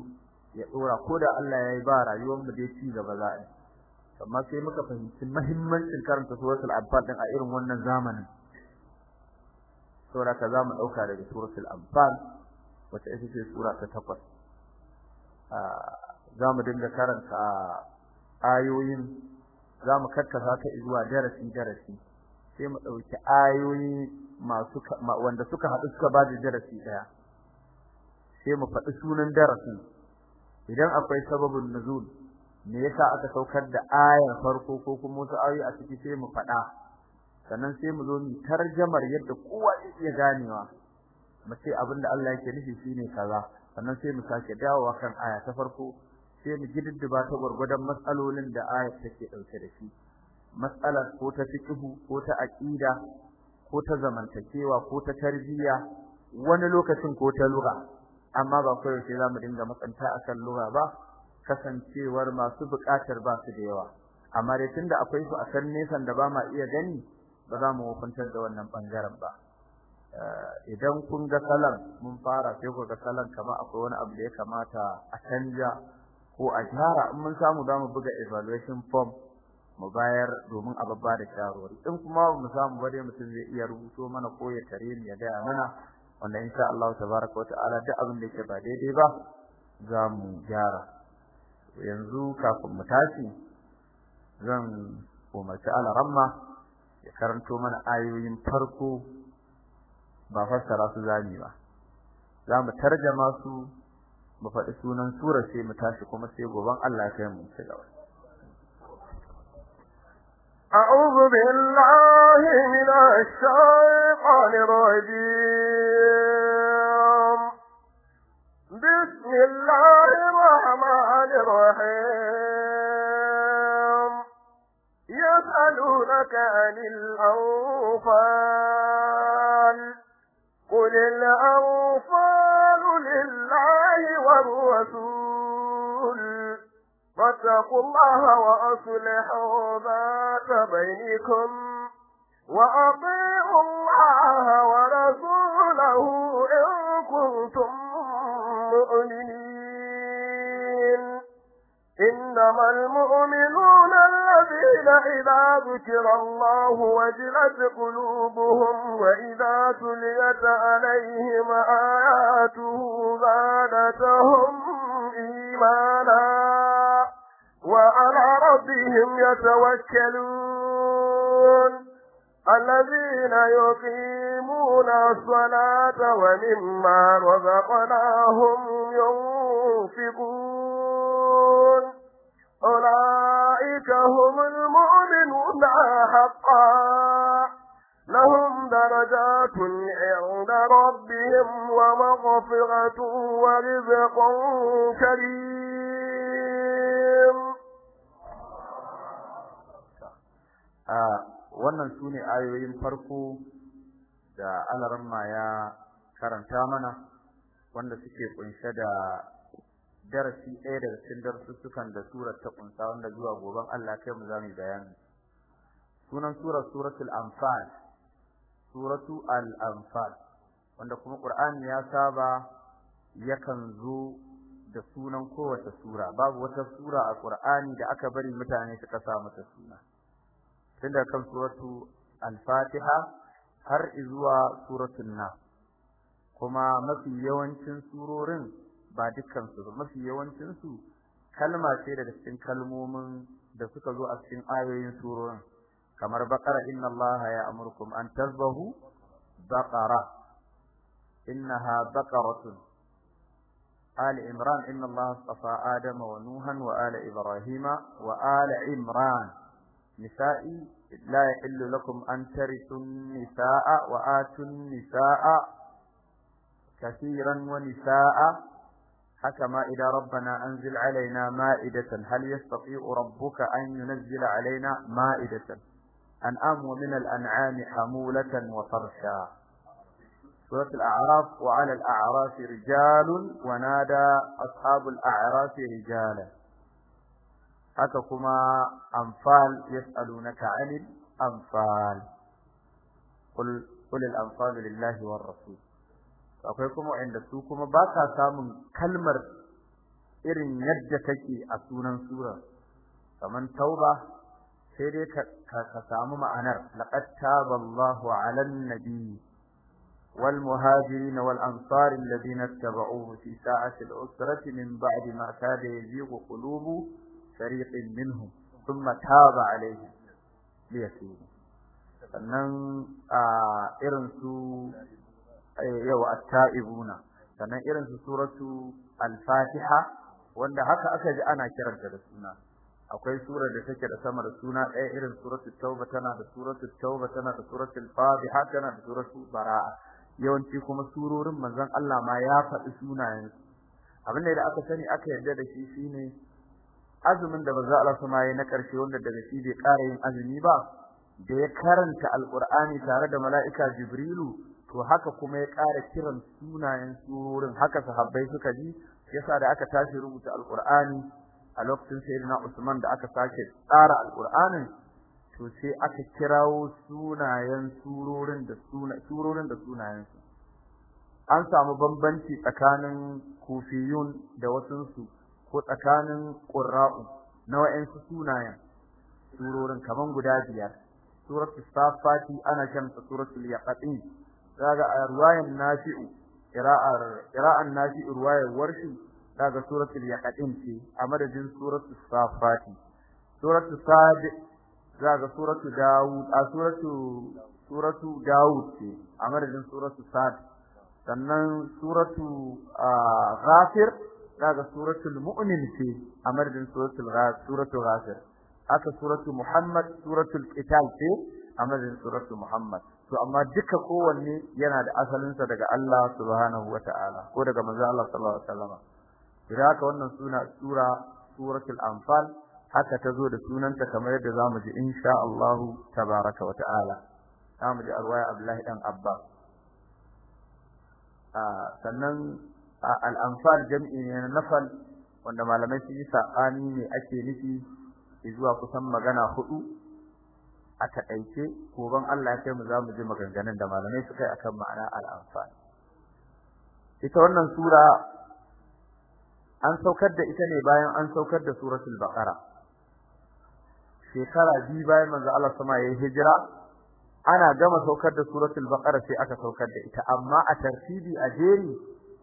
Speaker 1: ya dora koda Allah ya yi ba rayuwar mu dai ci gaba za a amma sai muka fahimci muhimmancin karanta suratul anfal din a irin wannan zamanin saboda ka mu dauka daga suratul anfal wata ita ce sura ta takwas za mu dinga karanta ayoyin za mu karkasa ta zuwa darasi darasi sai mu ɗauki ayoyi masu wanda suka haɗu suka ba da darasi ɗaya sai mu faɗi sunan darasin idan akwai sababin nuzul me yasa aka saukar da ayar farko ko kuma wasu ayoyi a ciki sai mu faɗa sannan sai mu zo mu tarjamar yadda kowa zai iya ganewa mu ce da Allah yake nufi shine kaza sannan sai mu sake dawowa kan aya ta farko sai mu gidduba ta gurgudan matsalolin da aya take dauke da shi matsalar ko ta fikihu ko ta aqida ko ta zamantakewa ko ta tarbiyya wani lokacin ko ta lura. amma ba koyo sai zamu dinga matsanta akan lura ba kasancewar masu buƙatar ba su da yawa amma dai tunda akwai su a kan nesan da ba ma iya gani ba za mu hukuntar da wannan bangaren ba Eh, idan kun ga salon, mun fara sai ku ga salon kamar akwai wani abu da ya kamata a canja ko a gyara in mun samu zamu buga evaluation form mu bayar domin a babba da shawarwari in kuma mu samu bare mutum zai iya rubuto mana ko ya tare ni ya gaya mana wanda insha Allah tabaraka wa ta'ala duk abin da yake ba daidai ba za mu gyara yanzu kafin mu tashi zan umarci alaramma ya karanto mana ayoyin farko ba fassara su zani ba zamu tarjama su mu faɗi sunan surar sai mu tashi kuma sai goban Allah kai mu ci gaba
Speaker 2: أعوذ بالله من الشيطان الرجيم بسم الله الرحمن الرحيم يسألونك عن الأنفال قل الأنفال لله والرسول فاتقوا الله وأصلحوا ذات بينكم وأطيعوا الله ورسوله إن كنتم مؤمنين إنما المؤمنون الذين إذا ذكر الله وجلت قلوبهم وإذا تليت عليهم آياته زادتهم إيمانا وعلى ربهم يتوكلون الذين يقيمون الصلاة ومما رزقناهم ينفقون أولئك هم المؤمنون حقا لهم درجات عند ربهم ومغفرة ورزق كريم
Speaker 1: wannan sune ayoyin farko da alaramma ya karanta mana wanda suke kunshe da darasi ɗaya daga cikin darussukan da surar ta kunsa wanda zuwa goben Allah kai mu zamu bayani sunan surar suratul anfal suratu al anfal wanda kuma qur'ani ya saba yakan zo da sunan kowace sura babu wata sura a qur'ani da aka bari mutane suka sa mata suna tunda kan suratu al-fatiha har zuwa suratul na, kuma mafi yawancin surorin ba dukkan su mafi yawancin su kalma ce daga cikin kalmomin da suka zo a cikin ayoyin surorin kamar baqara inna allaha ya'murukum an tazbahu baqara innaha baqaratun ali imran inna allaha astafa adama wa nuhan wa ala ibrahima wa ala imran nisa'i la yahillu lakum an tarithu nisaa wa atun nisaa كثيرا ونساء حكم إلى ربنا أنزل علينا مائدة هل يستطيع ربك أن ينزل علينا مائدة أنعام ومن الأنعام حمولة وفرشا سورة الأعراف وعلى الأعراف رجال ونادى أصحاب الأعراف رجالا أتكما أنفال يسألونك عن الأنفال قل, قل الأنفال لله والرسول akwai kuma wanda su kuma ba ka samun kalmar irin yadda take a sunan surar kaman tauba sai dai ka samu ma'anar laqad taballahu 'alan nabiy wal muhajirin wal ansar alladhina tabauhu fi sa'ati al-usrati min ba'di ma kada yazighu qulubu fariqin minhum thumma taba 'alayhim liyatubu sannan a ah, irin su Eh, yawa at-ta'ibuna sannan irin su suratu al-fatiha wanda haka aka ji ana kiranta da suna akwai surar da take da sama da suna ɗaya irin suratu tauba tana da suratu tauba tana da suratu al-fatiha tana da suratu bara'a yawanci kuma surorin manzon Allah ma ya faɗi sunayen abin da aka sani aka yarda da shi shine azumin da manzon Allah sama yayin na ƙarshe wanda daga shi bai ƙara yin azumi ba da ya karanta alqur'ani tare da mala'ika jibrilu to haka kuma ya ƙara kiran sunayen surorin haka sahabbai suka ji yasa da aka tashi rubuta alqur'ani a lokacin sayyidina Usman da aka sake tsara alqur'anin to sai aka kirawo sunayen surorin da suna surorin da sunayen su an samu bambanci tsakanin kufiyun da su ko tsakanin qurra'u na su sunayen surorin kaman guda biyar suratul safati ana kanta suratul yaqin kaga ruwayan nafi'u qira'ar qira'an nafi'u ruwayar warshi daga suratul yaqin ce a madadin suratul safati suratul sad kaga suratul daud a suratul suratul daud ce a madadin suratul sad sannan suratul ghafir daga suratul mu'min ce a madadin suratul suratul ghafir aka suratul muhammad suratul qital ce a madadin suratul muhammad to amma duka kowanne yana da asalinsa daga Allah subhanahu wataala ko daga manzo Allah sallallahu alaihi wasallam kira ka wannan suna sura suratul anfal haka zo da sunanta kamar yadda zamu ji insha Allah tabaaraka wataala zamu ji arwaya Abdullahi dan Abba sannan al-anfal jami'i ne na nafal wanda malamai su yi sa'ani ne ake nufi zuwa kusan magana hudu a taƙaice goban Allah ya kai mu zamu ji maganganun da malamai suka yi akan ma'ana al-anfal ita wannan sura an saukar da ita ne bayan an saukar da suratul baqara shekara biyu bayan manzo Allah sama yayin hijira ana gama saukar da suratul baqara sai aka saukar da ita amma a tartibi a jeri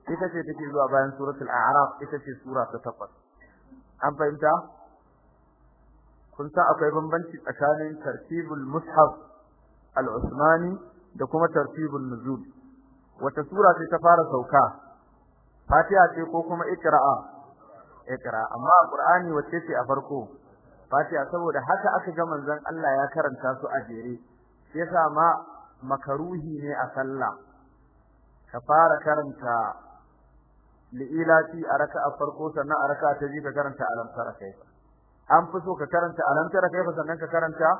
Speaker 1: ita ce take zuwa bayan suratul a'raf ita ce sura ta takwas an fahimta kun san akwai bambanci tsakanin tartibul mushaf al-usmani da kuma tartibul nuzul wata sura ce ta fara sauka fatiha ce ko kuma ikra'a ikra amma qur'ani wacce ce a farko fatiha saboda haka aka ga manzon Allah ya karanta su a jere yasa ma makaruhi ne a sallah ka fara karanta li'ilati a raka'a farko sannan a raka ta ji ka karanta alam tara kaifa an fi so ka karanta A tara kaifa sannan ka karanta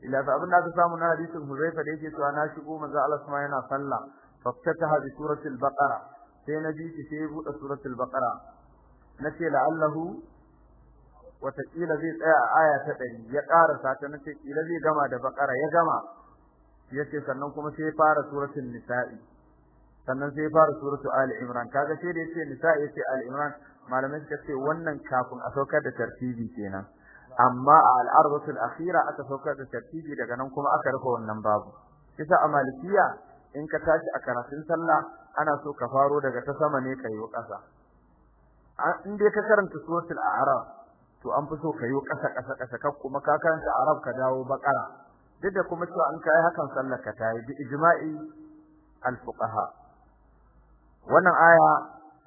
Speaker 1: illa fa abin da aka samu na hadisin Huzaifa da yake cewa na shigo manzo Allah kuma yana sallah faftataha bi suratul baqara sai nabi ki sai buɗe suratul baqara nace la'allahu wata zai tsaya a aya ta 100 ya karasa ta nace kila zai gama da baqara ya gama yace sannan kuma sai fara suratul nisa'i sannan sai fara suratul ali imran kaga sai da yace nisa'i sai ali imran malamai suka ce wannan kafin a saukar da tartibi kenan amma a al'arbatul akhira aka saukar da tartibi daga nan kuma aka rufe wannan babu kisa a malikiya in ka tashi a karatun sallah ana so ka faro daga ta sama ne kayo ƙasa in dai ka karanta suratul a'raf to an fi so kayo ƙasa ƙasa ƙasa kar kuma ka karanta arab ka dawo bakara duk da kuma cewa an kai hakan sallar ka tayi bi ijma'i al-fuqaha wannan aya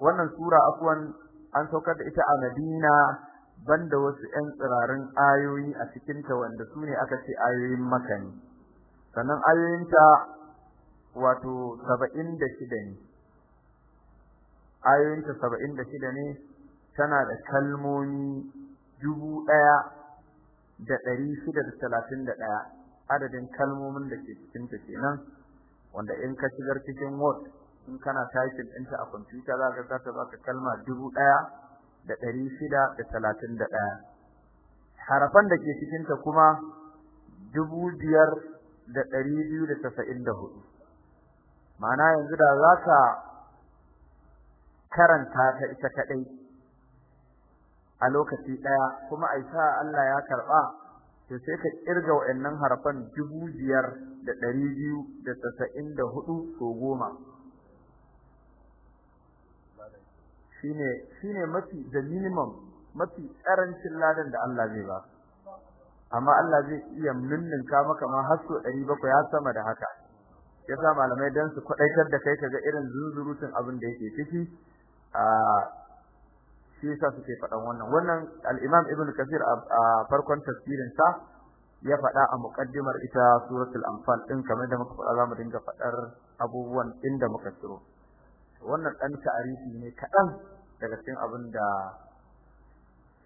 Speaker 1: wannan sura afwan an saukar da ita a Madina banda wasu ƴan tsirarin ayoyi a cikin ta wanda su ne aka ce ayoyin Makka ne sannan ayoyin ta wato 76 ne ayoyin ta 76 ne tana da kalmomi 1631 adadin kalmomin da ke cikin ta kenan wanda in ka shigar cikin word in kana typing ɗinta a computer za ka zata baka kalma dubu ɗaya da ɗari shida da talatin da ɗaya harafan da ke cikin ta kuma dubu biyar da ɗari biyu da da hudu ma'ana yanzu da za ka karanta ta ita kaɗai a lokaci ɗaya kuma a sa Allah ya karɓa to sai ka kirga waɗannan harafan dubu biyar da ɗari biyu da da hudu ko goma shine shine mafi the minimum mafi karancin ladan da Allah zai ba amma Allah zai iya ninninka maka ma har so 700 ya sama da haka yasa malamai dan su kwadaitar da kai kaga irin zunzurutun abin da yake ciki a shi yasa suke fadan wannan wannan al-Imam Ibn Kathir a farkon tafsirin sa ya fada a muqaddimar ita suratul anfal din kamar da muka fada zamu dinga fadar abubuwan inda muka tsiro wannan dan tarihi ne kadan daga cikin abin da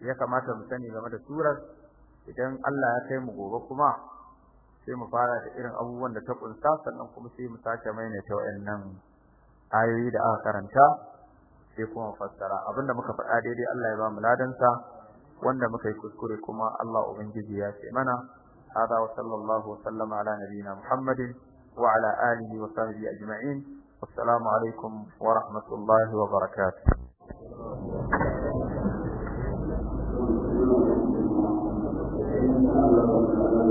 Speaker 1: ya kamata mu sani game da surar idan Allah ya kai mu gobe kuma sai mu fara da irin abubuwan da ta kunsa sannan kuma sai mu sake ta wayannan ayoyi da aka karanta sai kuma fassara abinda muka faɗa daidai Allah ya ba mu ladansa wanda muka yi kuskure kuma Allah ubangiji ya ce mana hada wa sallallahu wa sallama ala nabiyina muhammadin wa ala alihi wa sahbihi ajma'in assalamu alaikum wa rahmatullahi wa